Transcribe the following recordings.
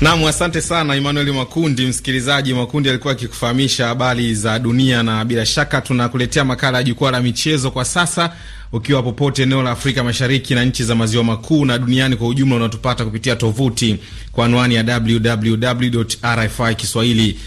Nam, asante sana Emmanuel Makundi. Msikilizaji, Makundi alikuwa akikufahamisha habari za dunia, na bila shaka tunakuletea makala ya jukwaa la michezo kwa sasa, ukiwa popote eneo la Afrika Mashariki na nchi za maziwa makuu na duniani kwa ujumla, unatupata kupitia tovuti kwa anwani ya www.rfi Kiswahili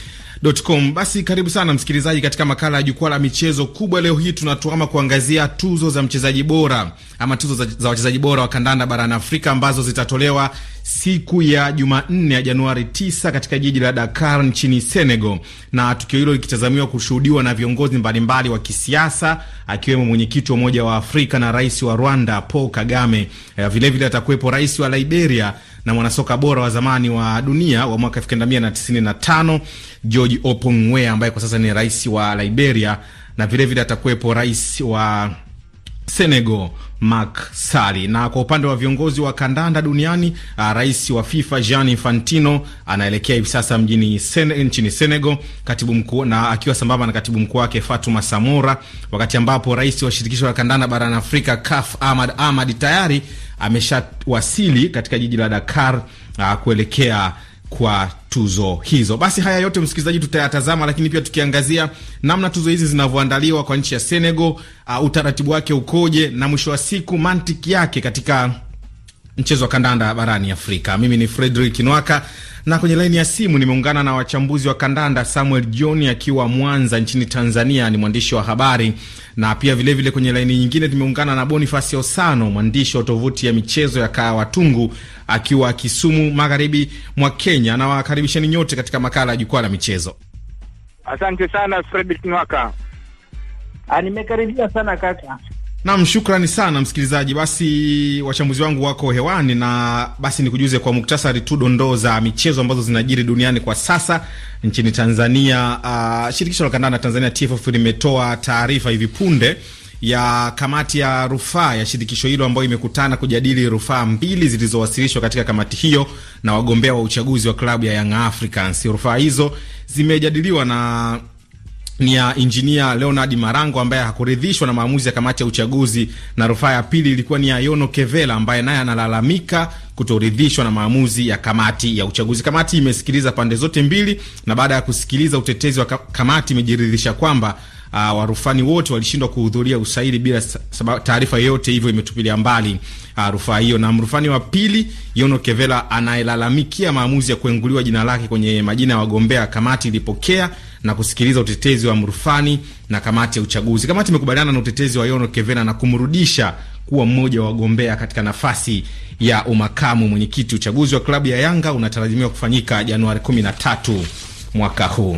Com. Basi karibu sana msikilizaji, katika makala ya jukwaa la michezo kubwa. Leo hii tunatuama kuangazia tuzo za mchezaji bora ama tuzo za, za wachezaji bora wa kandanda barani Afrika ambazo zitatolewa siku ya Jumanne ya Januari 9 katika jiji la Dakar nchini Senegal, na tukio hilo likitazamiwa kushuhudiwa na viongozi mbalimbali wa kisiasa akiwemo mwenyekiti wa Umoja wa Afrika na rais wa Rwanda Paul Kagame. Vilevile eh, atakuwepo rais wa Liberia na mwanasoka bora wa zamani wa dunia wa mwaka 1995 George Opongwe ambaye kwa sasa ni rais wa Liberia, na vilevile atakuwepo rais wa Senegal Macky Sali. Na kwa upande wa viongozi wa kandanda duniani, uh, rais wa FIFA Gianni Infantino anaelekea hivi sasa mjini Sen, nchini Senegal, katibu mkuu na akiwa sambamba na katibu mkuu wake Fatuma Samora, wakati ambapo rais wa shirikisho la kandanda barani Afrika CAF Ahmad Ahmad tayari ameshawasili katika jiji la Dakar uh, kuelekea kwa tuzo hizo. Basi haya yote msikilizaji, tutayatazama, lakini pia tukiangazia namna tuzo hizi zinavyoandaliwa kwa nchi ya Senegal, uh, utaratibu wake ukoje, na mwisho wa siku mantiki yake katika mchezo wa kandanda barani Afrika. Mimi ni Fredrick Nwaka na kwenye laini ya simu nimeungana na wachambuzi wa kandanda, Samuel John akiwa Mwanza nchini Tanzania, ni mwandishi wa habari, na pia vilevile vile kwenye laini nyingine nimeungana na Bonifasi Osano, mwandishi wa tovuti ya michezo ya Kaa Watungu akiwa Kisumu, magharibi mwa Kenya. Na wakaribisheni nyote katika makala ya Jukwaa la Michezo. Asante sana Fredrick Nwaka. Ah, nimekaribia sana kaka. Nam, shukrani sana msikilizaji. Basi wachambuzi wangu wako hewani, na basi nikujuze kwa muktasari tu dondoo za michezo ambazo zinajiri duniani kwa sasa. Nchini Tanzania, uh, shirikisho la kandanda Tanzania TFF limetoa taarifa hivi punde ya kamati ya rufaa ya shirikisho hilo ambayo imekutana kujadili rufaa mbili zilizowasilishwa katika kamati hiyo na wagombea wa uchaguzi wa klabu ya Young Africans. Rufaa hizo zimejadiliwa na ni ya injinia Leonard Marango ambaye hakuridhishwa na maamuzi ya kamati ya uchaguzi, na rufaa ya pili ilikuwa ni ya Yono Kevela ambaye naye analalamika kutoridhishwa na maamuzi ya kamati ya uchaguzi. Kamati imesikiliza pande zote mbili, na baada ya kusikiliza utetezi wa kamati imejiridhisha kwamba Uh, warufani wote walishindwa kuhudhuria usaili bila taarifa yoyote, hivyo imetupilia mbali uh, rufaa hiyo. Na mrufani wa pili Yono Kevela anayelalamikia maamuzi ya kuenguliwa jina lake kwenye majina ya wagombea kamati ilipokea na kusikiliza utetezi wa Mrufani na kamati ya uchaguzi. Kamati imekubaliana na utetezi wa Yono Kevena na kumrudisha kuwa mmoja wa wagombea katika nafasi ya umakamu mwenyekiti. Uchaguzi wa klabu ya Yanga unatarajimiwa kufanyika Januari 13 mwaka huu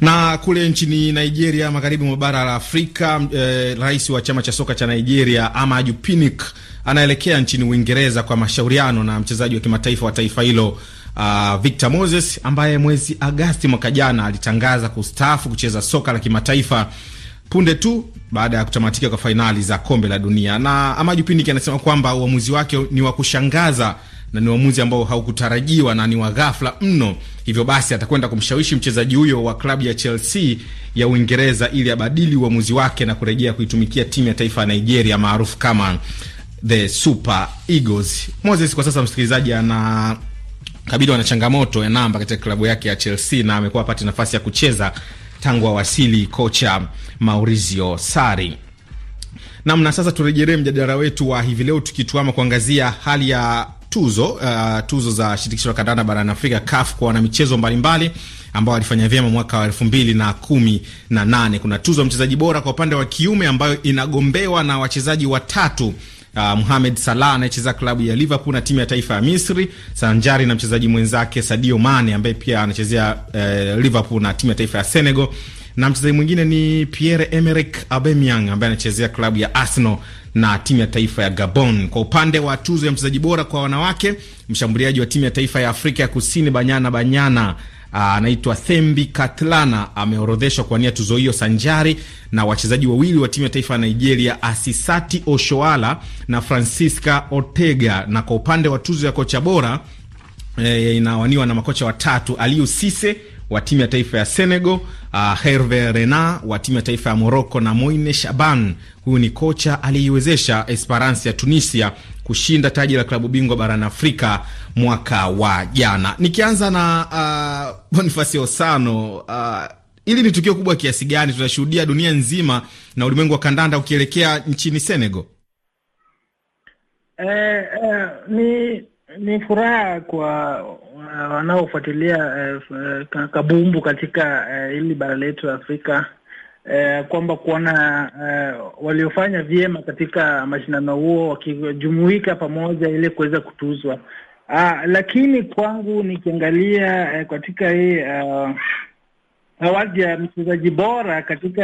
na kule nchini Nigeria, magharibi mwa bara la Afrika, eh, rais wa chama cha soka cha Nigeria Amaju Pinnick anaelekea nchini Uingereza kwa mashauriano na mchezaji wa kimataifa wa taifa hilo uh, Victor Moses ambaye mwezi Agasti mwaka jana alitangaza kustaafu kucheza soka la kimataifa punde tu baada ya kutamatika kwa fainali za kombe la dunia. Na Amaju Piniki anasema kwamba uamuzi wake ni wa kushangaza na ni uamuzi ambao haukutarajiwa na ni wa ghafla mno. Hivyo basi atakwenda kumshawishi mchezaji huyo wa klabu ya Chelsea ya Uingereza ili abadili uamuzi wake na kurejea kuitumikia timu ya taifa ya Nigeria maarufu kama the Super Eagles. Moses kwa sasa msikilizaji ana kabidi wana changamoto ya namba katika klabu yake ya Chelsea na amekuwa apati nafasi ya kucheza tangu awasili kocha Maurizio Sari. Namna sasa, turejelee mjadala wetu wa hivi leo, tukituama kuangazia hali ya tuzo uh, tuzo za shirikisho la kandanda barani Afrika CAF kwa wanamichezo mbalimbali ambao walifanya vyema mwaka wa elfu mbili na kumi na nane. Kuna tuzo ya mchezaji bora kwa upande wa kiume ambayo inagombewa na wachezaji watatu uh, Mohamed Salah anayecheza klabu ya Liverpool na timu ya taifa ya Misri sanjari na mchezaji mwenzake Sadio Mane ambaye pia anachezea uh, Liverpool na timu ya taifa ya Senegal na mchezaji mwingine ni Pierre Emerick Aubameyang ambaye anachezea klabu ya Arsenal na timu ya taifa ya Gabon. Kwa upande wa tuzo ya mchezaji bora kwa wanawake, mshambuliaji wa timu ya taifa ya Afrika ya Kusini Banyana Banyana Ah, anaitwa Thembi Katlana ameorodheshwa kuwania tuzo hiyo sanjari na wachezaji wawili wa timu ya taifa ya Nigeria, Asisati Oshoala na Francisca otega Na kwa upande wa tuzo ya kocha bora e, inawaniwa na makocha watatu Aliou Cisse wa timu ya taifa ya Senegal, uh, Herve rena wa timu ya taifa ya Moroko na Moine Shaban, huyu ni kocha aliyeiwezesha Esperance ya Tunisia kushinda taji la klabu bingwa barani Afrika mwaka wa jana. Nikianza na uh, ah, Bonifasi Osano uh, hili ni tukio kubwa kiasi gani tunashuhudia dunia nzima na ulimwengu wa kandanda ukielekea nchini Senegal? Eh, eh, ni ni furaha kwa eh, wanaofuatilia eh, eh kabumbu katika eh, hili bara letu la Afrika eh, kwamba kuona eh, waliofanya vyema katika mashindano huo wakijumuika pamoja ili kuweza kutuzwa. Ah, lakini kwangu nikiangalia eh, katika hii eh, awadi ya mchezaji bora katika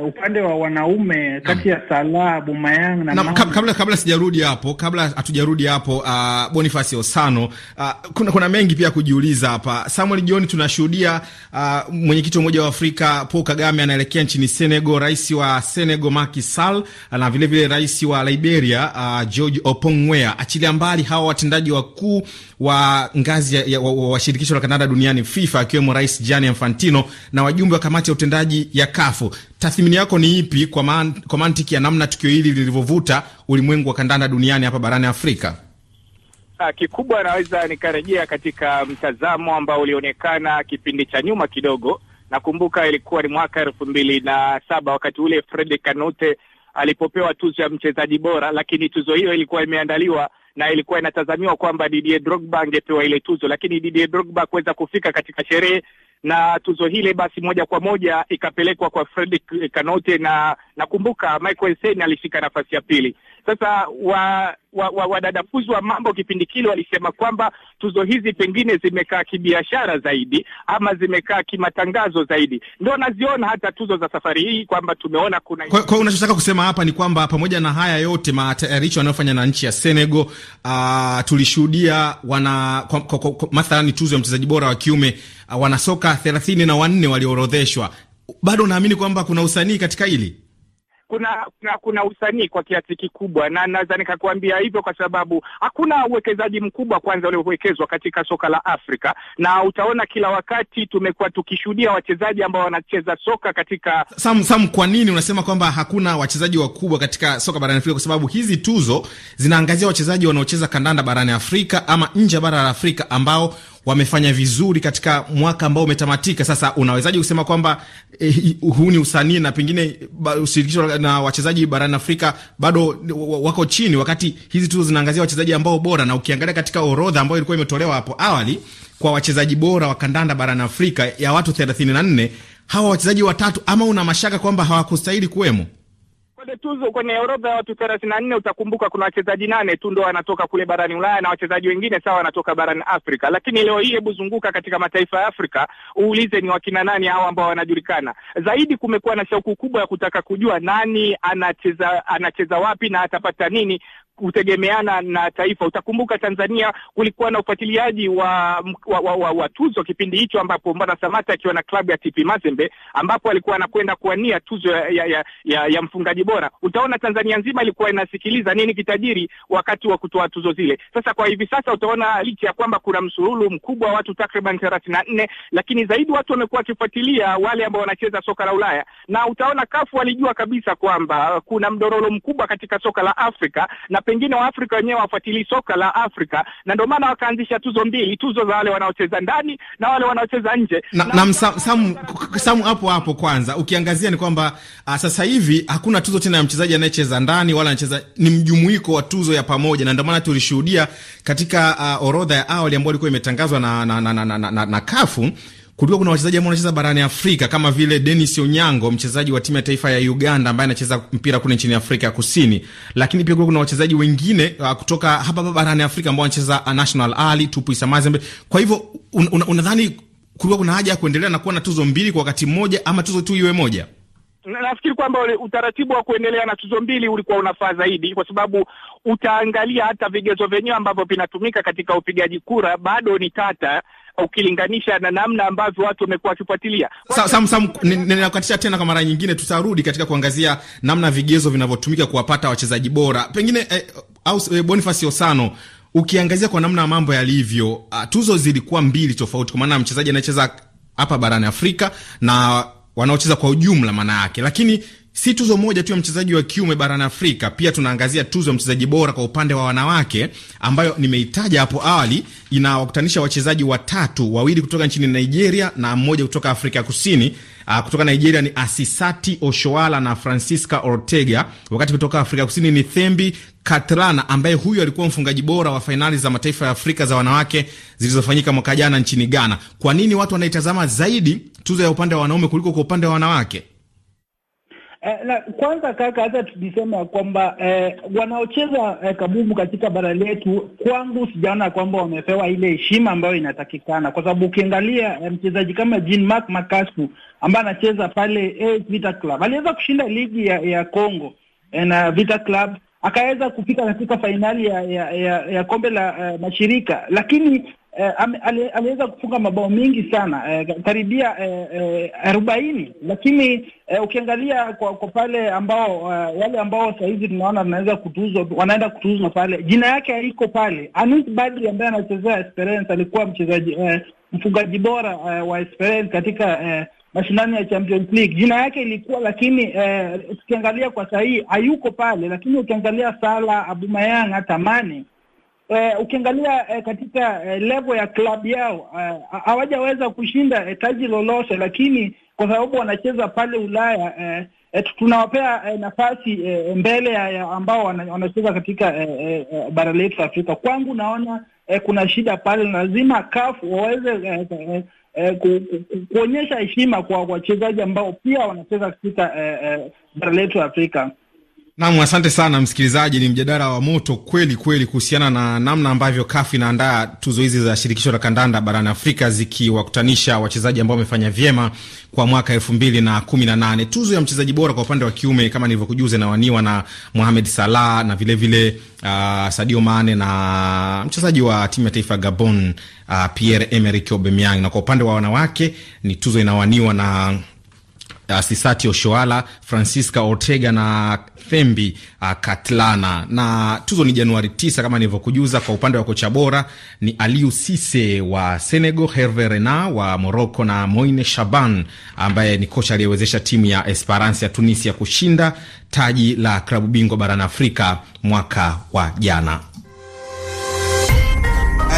uh, upande wa wanaume kati ya Salah Bumayang na, na kabla, kabla sijarudi hapo, kabla hatujarudi hapo uh, Boniface Osano uh, kuna, kuna mengi pia kujiuliza hapa. Samuel John, tunashuhudia uh, mwenyekiti wa Umoja wa Afrika Paul Kagame anaelekea nchini Senegal, rais wa Senegal Macky Sall na vilevile rais wa Liberia uh, George Opongwea, achilia mbali hawa watendaji wakuu wa ngazi ya, ya, wa, wa shirikisho la Kanada duniani FIFA, akiwemo Rais Gianni Infantino na wajumbe wa kamati ya utendaji ya kafu. Tathmini yako ni ipi kwa, man, kwa mantiki ya namna tukio hili lilivyovuta ulimwengu wa kandanda duniani hapa barani Afrika? Ha, ah, kikubwa naweza nikarejea katika mtazamo ambao ulionekana kipindi cha nyuma kidogo. Nakumbuka ilikuwa ni mwaka elfu mbili na saba wakati ule Fred Kanute alipopewa tuzo ya mchezaji bora, lakini tuzo hiyo ilikuwa imeandaliwa na ilikuwa inatazamiwa kwamba Didier Drogba angepewa ile tuzo, lakini Didier Drogba kuweza kufika katika sherehe na tuzo hile, basi moja kwa moja ikapelekwa kwa Fredrick Kanote na Nakumbuka Michael Sen alishika nafasi ya pili. Sasa wadadafuzi wa, wa, wa mambo kipindi kile walisema kwamba tuzo hizi pengine zimekaa kibiashara zaidi ama zimekaa kimatangazo zaidi, ndio naziona hata tuzo za safari hii kwamba tumeona kuna kwa, kwa unachotaka kusema hapa ni kwamba pamoja na haya yote matayarisho anayofanya na nchi ya Senegal, uh, tulishuhudia wana mathalani tuzo ya mchezaji bora wa kiume uh, wanasoka thelathini na wanne walioorodheshwa. Bado naamini kwamba kuna usanii katika hili kuna kuna, kuna usanii kwa kiasi kikubwa, na naweza nikakuambia hivyo kwa sababu hakuna uwekezaji mkubwa kwanza uliowekezwa katika soka la Afrika, na utaona kila wakati tumekuwa tukishuhudia wachezaji ambao wanacheza soka katika Sam. Sam, kwa nini unasema kwamba hakuna wachezaji wakubwa katika soka barani Afrika? Kwa sababu hizi tuzo zinaangazia wachezaji wanaocheza kandanda barani Afrika ama nje ya bara la Afrika ambao wamefanya vizuri katika mwaka ambao umetamatika. Sasa unawezaje kusema kwamba eh, huu ni usanii na pengine ushirikisho na wachezaji barani Afrika bado wako chini, wakati hizi tuzo zinaangazia wachezaji ambao bora, na ukiangalia katika orodha ambayo ilikuwa imetolewa hapo awali kwa wachezaji bora wa kandanda barani Afrika ya watu 34 hawa wachezaji watatu, ama una mashaka kwamba hawakustahili kuwemo? kwenye tuzo, kwenye orodha ya watu thelathini na nne utakumbuka kuna wachezaji nane tu ndo wanatoka kule barani Ulaya na wachezaji wengine sawa wanatoka barani Afrika. Lakini leo hii, hebu zunguka katika mataifa ya Afrika uulize ni wakina nani hao ambao wanajulikana zaidi. Kumekuwa na shauku kubwa ya kutaka kujua nani anacheza, anacheza wapi na atapata nini kutegemeana na taifa. Utakumbuka Tanzania kulikuwa na ufuatiliaji wa wa, wa, wa, wa tuzo kipindi hicho, ambapo Mbwana Samata akiwa na klabu ya TP Mazembe, ambapo alikuwa anakwenda kuania tuzo ya, ya, ya, ya mfungaji bora. Utaona Tanzania nzima ilikuwa inasikiliza nini kitajiri wakati wa kutoa tuzo zile. Sasa kwa hivi sasa utaona licha ya kwamba kuna msululu mkubwa wa watu takriban thelathini na nne, lakini zaidi watu wamekuwa wakifuatilia wale ambao wanacheza soka la Ulaya, na utaona kafu walijua kabisa kwamba kuna mdororo mkubwa katika soka la Afrika na pengine Waafrika wenyewe wafuatilii soka la Afrika, na ndio maana wakaanzisha tuzo mbili, tuzo za wale wanaocheza ndani na wale wanaocheza nje. Na, na, na Samu, hapo hapo kwanza ukiangazia ni kwamba ah, sasa hivi hakuna tuzo tena ya mchezaji anayecheza ndani wala anacheza, ni mjumuiko wa tuzo ya pamoja, na ndio maana tulishuhudia katika uh, orodha ya awali ambayo ilikuwa imetangazwa na, na, na, na, na, na, na, na kafu kulikuwa kuna wachezaji ambao wanacheza barani Afrika kama vile Denis Onyango, mchezaji wa timu ya taifa ya Uganda ambaye anacheza mpira kule nchini Afrika ya Kusini, lakini pia kuna wachezaji wengine uh, kutoka hapa hapa barani Afrika ambao wanacheza uh, National Ali Tupu Mazembe. Kwa hivyo un, un, unadhani kulikuwa kuna haja ya kuendelea na kuwa na tuzo mbili kwa wakati mmoja ama tuzo tu iwe moja? Nafikiri kwamba utaratibu wa kuendelea na tuzo mbili ulikuwa unafaa zaidi, kwa sababu utaangalia hata vigezo vyenyewe ambavyo vinatumika katika upigaji kura bado ni tata ukilinganisha na namna ambavyo watu wamekuwa wakifuatilia. Ninakukatisha tena kwa mara nyingine, tutarudi katika kuangazia namna vigezo vinavyotumika kuwapata wachezaji bora, pengine eh, au eh, Boniface Osano ukiangazia kwa namna mambo yalivyo, ah, tuzo zilikuwa mbili tofauti, kwa maana mchezaji anayecheza hapa barani Afrika na wanaocheza kwa ujumla maana yake, lakini si tuzo moja tu ya mchezaji wa kiume barani Afrika, pia tunaangazia tuzo ya mchezaji bora kwa upande wa wanawake ambayo nimeitaja hapo awali. Inawakutanisha wachezaji watatu, wawili kutoka nchini Nigeria na mmoja kutoka Afrika ya Kusini. Uh, kutoka Nigeria ni Asisati Oshoala na Francisca Ortega, wakati kutoka Afrika Kusini ni Thembi Katrana ambaye huyu alikuwa mfungaji bora wa fainali za mataifa ya Afrika za wanawake zilizofanyika mwaka jana nchini Ghana. Kwa nini watu wanaitazama zaidi tuzo ya upande wa wanaume kuliko kwa upande wa wanawake? Eh, na kwanza kaka, hata tukisema kwamba eh, wanaocheza eh, kabubu katika bara letu, kwangu sijaona kwamba wamepewa ile heshima ambayo inatakikana, kwa sababu ukiangalia eh, mchezaji kama Jean Marc Makasu ambaye anacheza pale eh, Vita Club aliweza kushinda ligi ya, ya Congo eh, na Vita Club akaweza kufika katika fainali ya, ya, ya, ya kombe la uh, mashirika, lakini eh, aliweza kufunga mabao mengi sana eh, karibia arobaini eh, eh, lakini eh, ukiangalia kwa, kwa pale ambao eh, wale ambao sahizi tunaona tunaweza kutuzwa wanaenda kutuzwa pale, jina yake haiko pale. Anis Badri ambaye anachezea Esperance alikuwa mchezaji eh, mfungaji bora eh, wa Esperance katika eh, mashindano ya Champions League jina yake ilikuwa, lakini eh, ukiangalia kwa sahii hayuko pale, lakini ukiangalia Sala, Abumayang hata Mane eh, ukiangalia eh, katika eh, level ya klabu yao eh, hawajaweza kushinda eh, taji lolote, lakini kwa sababu wanacheza pale Ulaya eh, eh tunawapea eh, nafasi eh, mbele ya ambao wanacheza katika eh, eh, eh bara letu Afrika. Kwangu naona eh, kuna shida pale, lazima kafu waweze eh, eh, kuonyesha heshima kwa wachezaji ambao pia wanacheza katika eh, eh, bara letu Afrika. Nam, asante sana msikilizaji. Ni mjadala wa moto kweli kweli kuhusiana na namna ambavyo KAFU inaandaa tuzo hizi za shirikisho la kandanda barani Afrika, zikiwakutanisha wachezaji ambao wamefanya vyema kwa mwaka elfu mbili na kumi na nane. Tuzo ya mchezaji bora kwa upande wa kiume kama nilivyokujuza inawaniwa na Mohamed Salah na vilevile vile, uh, Sadio Mane na mchezaji wa timu ya taifa Gabon, uh, ah, Pierre Emerick Aubameyang, na kwa upande wa wanawake ni tuzo inawaniwa na Sisati Oshoala, Francisca Ortega na Thembi uh, Katlana. Na tuzo ni Januari 9 kama nilivyokujuza. Kwa upande wa kocha bora ni Aliou Cisse wa Senegal, Herve rena wa Morocco na Moine Shaban ambaye ni kocha aliyewezesha timu ya Esperance ya Tunisia kushinda taji la klabu bingwa barani Afrika mwaka wa jana.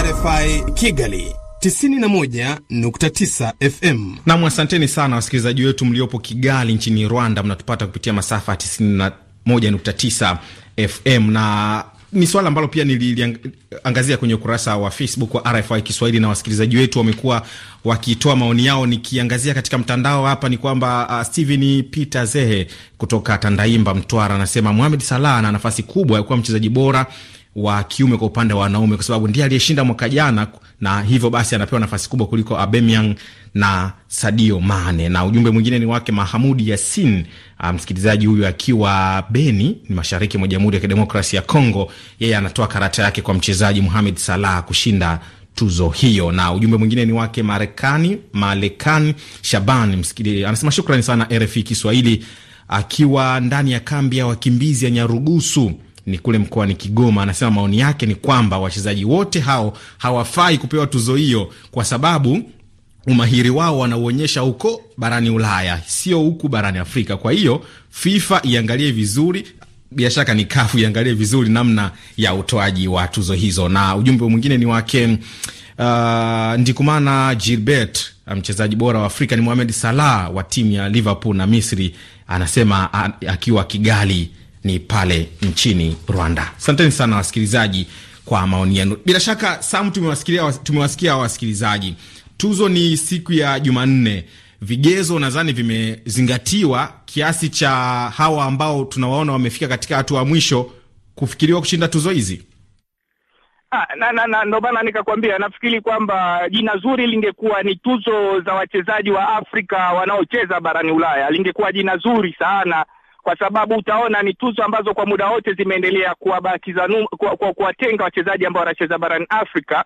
RFI Kigali 91.9 FM. Nam, asanteni sana wasikilizaji wetu mliopo Kigali nchini Rwanda, mnatupata kupitia masafa 91.9 FM na ni swala ambalo pia niliangazia kwenye ukurasa wa Facebook wa RFI Kiswahili, na wasikilizaji wetu wamekuwa wakitoa maoni yao. Nikiangazia katika mtandao hapa ni kwamba uh, Steven Peter Zehe kutoka Tandaimba, Mtwara, anasema Mohamed Salah ana nafasi kubwa ya kuwa mchezaji bora wa kiume kwa upande wa wanaume, kwa sababu ndiye aliyeshinda mwaka jana, na hivyo basi anapewa nafasi kubwa kuliko Abemyang na Sadio Mane. Na ujumbe mwingine ni wake Mahamudi Yasin, ah, msikilizaji huyu akiwa Beni ni mashariki mwa Jamhuri ya Kidemokrasia ya Kongo. Yeye anatoa karata yake kwa mchezaji Mohamed Salah kushinda tuzo hiyo. Na ujumbe mwingine ni wake Marekani Malekani Shaban msikilizaji, anasema shukrani sana RFI Kiswahili, akiwa ndani ya kambi ya wakimbizi ya Nyarugusu ni kule mkoani Kigoma. Anasema maoni yake ni kwamba wachezaji wote hao hawafai kupewa tuzo hiyo kwa sababu umahiri wao wanauonyesha huko barani Ulaya, sio huku barani Afrika. Kwa hiyo FIFA iangalie vizuri bila shaka ni kafu iangalie vizuri namna ya utoaji wa tuzo hizo. Na ujumbe mwingine ni wake uh, Ndikumana Gilbert, mchezaji bora wa Afrika ni Mohamed Salah wa timu ya Liverpool na Misri, anasema akiwa Kigali ni pale nchini Rwanda. Asanteni sana wasikilizaji kwa maoni yenu. Bila shaka Sam, tumewasikia wasikilizaji. Tuzo ni siku ya Jumanne. Vigezo nadhani vimezingatiwa kiasi cha hawa ambao tunawaona wamefika katika hatua ya mwisho kufikiriwa kushinda tuzo hizi. Ah, na, na, na ndo maana nikakwambia nafikiri kwamba jina zuri lingekuwa ni tuzo za wachezaji wa Afrika wanaocheza barani Ulaya, lingekuwa jina zuri sana kwa sababu utaona ni tuzo ambazo kwa muda wote zimeendelea kuwabakiza kuwatenga wachezaji ambao wanacheza barani Afrika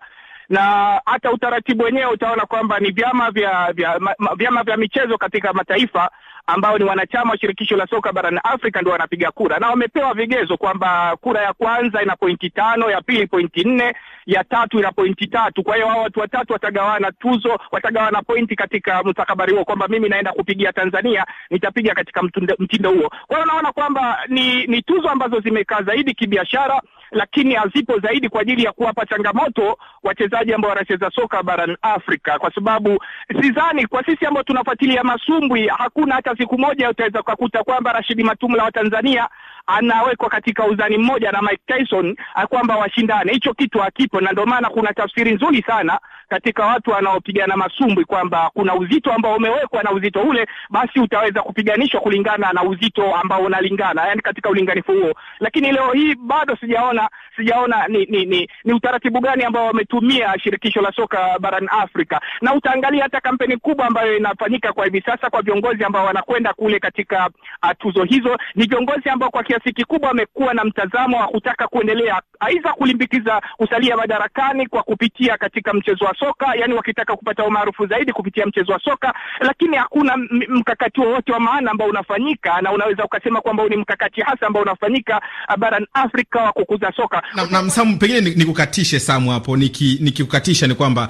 na hata utaratibu wenyewe utaona kwamba ni vyama vya vyama vya michezo katika mataifa ambao ni wanachama wa shirikisho la soka barani Afrika ndio wanapiga kura, na wamepewa vigezo kwamba kura ya kwanza ina pointi tano, ya pili pointi nne, ya tatu ina pointi tatu. Kwa hiyo hao watu watatu watagawana tuzo, watagawana pointi katika mtakabari huo, kwamba mimi naenda kupigia Tanzania, nitapiga katika mtindo huo. Kwa hiyo naona kwamba ni, ni tuzo ambazo zimekaa zaidi kibiashara lakini hazipo zaidi kwa ajili ya kuwapa changamoto wachezaji ambao wanacheza soka barani Afrika, kwa sababu sidhani kwa sisi ambao tunafuatilia masumbwi, hakuna hata siku moja utaweza kukuta kwamba Rashidi Matumla wa Tanzania anawekwa katika uzani mmoja na Mike Tyson ah, kwamba washindane. Hicho kitu hakipo, na ndio maana kuna tafsiri nzuri sana katika watu wanaopigana masumbwi kwamba kuna uzito ambao umewekwa, na uzito ule basi utaweza kupiganishwa kulingana na uzito ambao unalingana, yani katika ulinganifu huo. Lakini leo hii bado sijaona sijaona ni ni, ni, ni utaratibu gani ambao wametumia shirikisho la soka barani Afrika, na utaangalia hata kampeni kubwa ambayo inafanyika kwa hivi sasa kwa viongozi ambao wanakwenda kule katika ah, tuzo hizo ni viongozi ambao kwa kiasi kikubwa amekuwa na mtazamo wa kutaka kuendelea aidha kulimbikiza kusalia madarakani kwa kupitia katika mchezo wa soka, yani wakitaka kupata umaarufu zaidi kupitia mchezo wa soka, lakini hakuna mkakati wowote wa maana ambao unafanyika, na unaweza ukasema kwamba ni mkakati hasa ambao unafanyika barani Afrika wa kukuza soka. Na, na msamu pengine nikukatishe Samu hapo, nikikukatisha ni, ni kwamba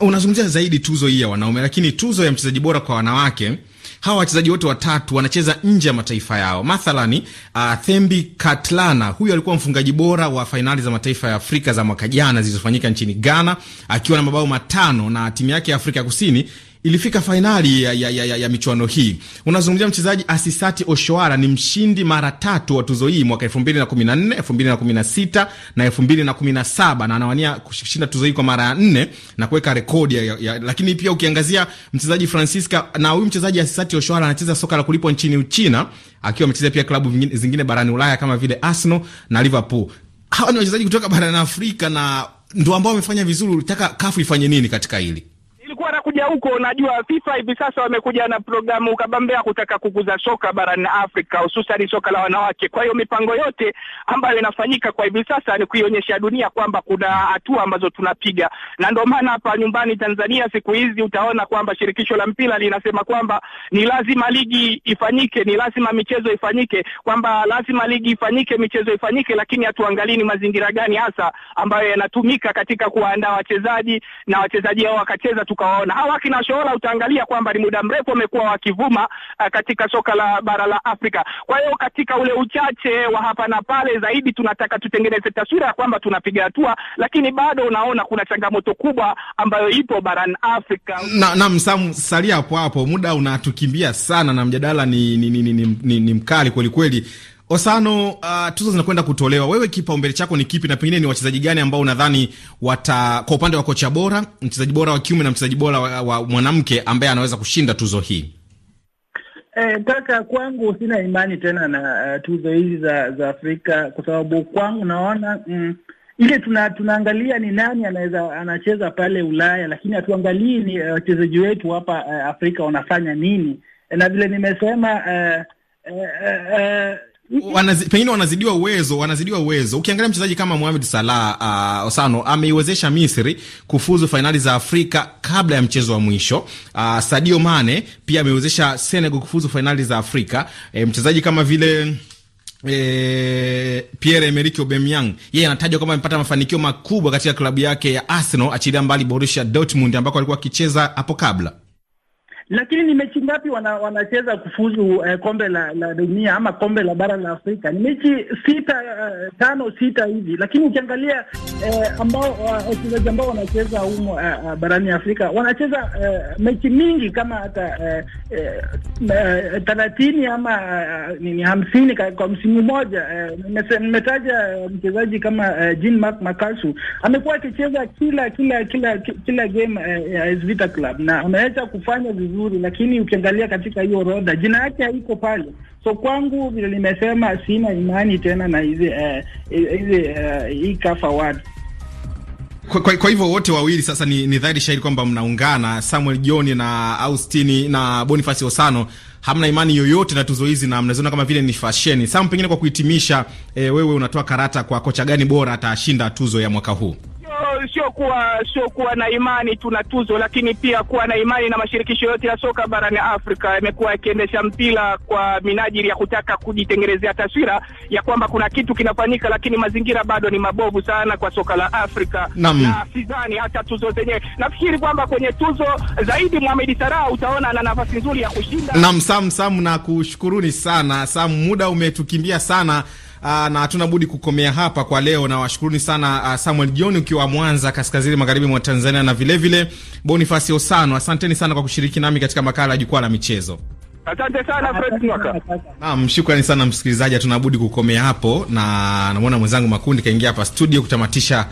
unazungumzia zaidi tuzo hii ya wanaume, lakini tuzo ya mchezaji bora kwa wanawake hawa wachezaji wote watatu wanacheza nje ya mataifa yao. Mathalani uh, Thembi Katlana, huyu alikuwa mfungaji bora wa fainali za mataifa ya Afrika za mwaka jana zilizofanyika nchini Ghana akiwa na mabao matano na timu yake ya Afrika ya Kusini ilifika fainali ya, ya, ya, ya ya michuano hii. Unazungumzia mchezaji Asisati Oshoara, ni mshindi mara tatu wa tuzo hii mwaka elfu mbili na kumi na nne elfu elfu mbili mbili na na na na na na kumi kumi sita saba anawania kushinda tuzo hii kwa mara ya nne na kuweka rekodi ya, ya, lakini pia ukiangazia mchezaji Francisca na huyu mchezaji Asisati Oshoara anacheza soka la kulipwa nchini Uchina akiwa amechezea pia klabu zingine barani Ulaya kama vile Arsenal na Liverpool. Hawa ni wachezaji kutoka barani Afrika na ndo ambao wamefanya vizuri. Ulitaka kafu ifanye nini katika hili? ukiangalia huko unajua FIFA hivi sasa wamekuja na programu kabambea kutaka kukuza soka barani Afrika, hususan soka la wanawake. Kwa hiyo mipango yote ambayo inafanyika kwa hivi sasa ni kuionyesha dunia kwamba kuna hatua ambazo tunapiga, na ndio maana hapa nyumbani Tanzania siku hizi utaona kwamba shirikisho la mpira linasema kwamba ni lazima ligi ifanyike, ni lazima michezo ifanyike, kwamba lazima ligi ifanyike, michezo ifanyike, lakini hatuangalii ni mazingira gani hasa ambayo yanatumika katika kuwaandaa wachezaji na wachezaji hao wakacheza tukawaona hawa Mbaki na utaangalia kwamba ni muda mrefu wamekuwa wakivuma uh, katika soka la bara la Afrika. Kwa hiyo katika ule uchache wa hapa na pale zaidi, tunataka tutengeneze taswira ya kwamba tunapiga hatua, lakini bado unaona kuna changamoto kubwa ambayo ipo barani Afrika. Na, na msamu salia hapo hapo, muda unatukimbia sana na mjadala ni, ni, ni, ni, ni, ni mkali kweli kweli. Osano, uh, tuzo zinakwenda kutolewa. Wewe kipaumbele chako ni kipi, na pengine ni wachezaji gani ambao unadhani wata, kwa upande wa kocha bora, mchezaji bora wa kiume na mchezaji bora wa, wa mwanamke ambaye anaweza kushinda tuzo hii? Eh, kaka kwangu sina imani tena na uh, tuzo hizi za za Afrika kwa sababu kwangu naona mm, ile tuna, tunaangalia ni nani anaweza anacheza pale Ulaya, lakini hatuangalii ni uh, wachezaji uh, wetu hapa uh, Afrika wanafanya nini, eh, na vile nimesema uh, uh, uh, uh, wanazi, pengine wanazidiwa uwezo, wanazidiwa uwezo. Ukiangalia mchezaji kama Mohamed Salah uh, Osano ameiwezesha Misri kufuzu fainali za Afrika kabla ya mchezo wa mwisho. Uh, Sadio Mane pia ameiwezesha Senegal kufuzu fainali za Afrika. E, mchezaji kama vile E, Pierre Emerick Aubameyang yeye anatajwa kwamba amepata mafanikio makubwa katika klabu yake ya Arsenal, achilia mbali Borussia Dortmund ambako alikuwa akicheza hapo kabla. Lakini ni mechi ngapi wana, wanacheza kufuzu eh, kombe la, la dunia ama kombe la bara la Afrika? Ni mechi sita, uh, tano sita hivi, lakini ukiangalia eh, ambao eh, wachezaji uh, ambao wanacheza humo uh, uh, barani Afrika wanacheza uh, mechi mingi kama hata thelathini uh, uh, ama uh, nini hamsini kwa msimu mmoja. Nimetaja mchezaji kama uh, Jean Marc Makasu amekuwa akicheza kila kila kila kila game uh, ya Vita Club na ameweza kufanya vizuri vizuri, lakini ukiangalia katika hiyo orodha jina yake haiko pale. So kwangu vile nimesema, sina imani tena na hizi eh, eh, hizi eh, hii CAF Awards. Kwa, kwa, kwa hivyo wote wawili sasa ni, ni dhahiri shahiri kwamba mnaungana Samuel John na Austini na Boniface Osano, hamna imani yoyote na tuzo hizi na mnaziona kama vile ni fasheni. Sam, pengine kwa kuhitimisha, e, wewe unatoa karata kwa kocha gani bora atashinda tuzo ya mwaka huu? kuwa sio kuwa na imani tuna tuzo, lakini pia kuwa na imani na mashirikisho yote ya soka barani Afrika yamekuwa yakiendesha mpira kwa minajili ya kutaka kujitengenezea taswira ya kwamba kuna kitu kinafanyika, lakini mazingira bado ni mabovu sana kwa soka la Afrika Nam. na sidhani hata tuzo zenyewe, nafikiri kwamba kwenye tuzo zaidi Mohamed Salah utaona ana nafasi nzuri ya kushinda. Nam, Sam, Sam, na kushukuruni sana Sam, muda umetukimbia sana Ah, na hatuna budi kukomea hapa kwa leo, na washukuruni sana ah, Samuel John ukiwa Mwanza kaskazini magharibi mwa Tanzania na vilevile Bonifasi Osano, asanteni sana kwa kushiriki nami katika makala ya jukwaa la michezo. Asante sana Fred Mwaka. Naam, shukrani sana msikilizaji, tunabudi kukomea hapo, na namwona mwenzangu Makundi kaingia hapa studio kutamatisha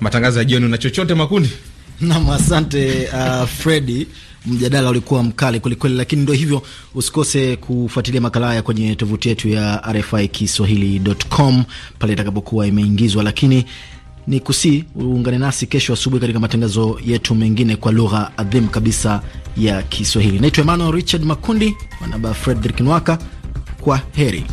matangazo ya jioni. Una chochote Makundi? Naam, asante uh, Fredi mjadala ulikuwa mkali kwelikweli, lakini ndio hivyo. Usikose kufuatilia makala haya kwenye tovuti yetu ya RFI Kiswahili.com pale itakapokuwa imeingizwa, lakini ni kusi uungane nasi kesho asubuhi katika matangazo yetu mengine kwa lugha adhimu kabisa ya Kiswahili. Naitwa Emmanuel Richard Makundi, mwanaba Fredrick Nwaka. Kwa heri.